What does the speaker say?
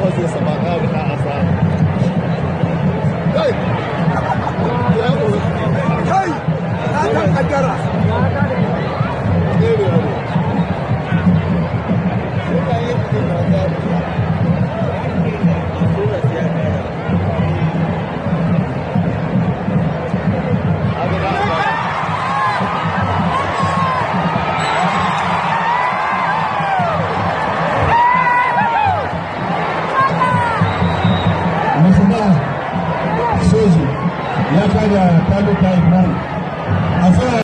会底什么？我要跟他说。ya kada taluka ibran a tsaya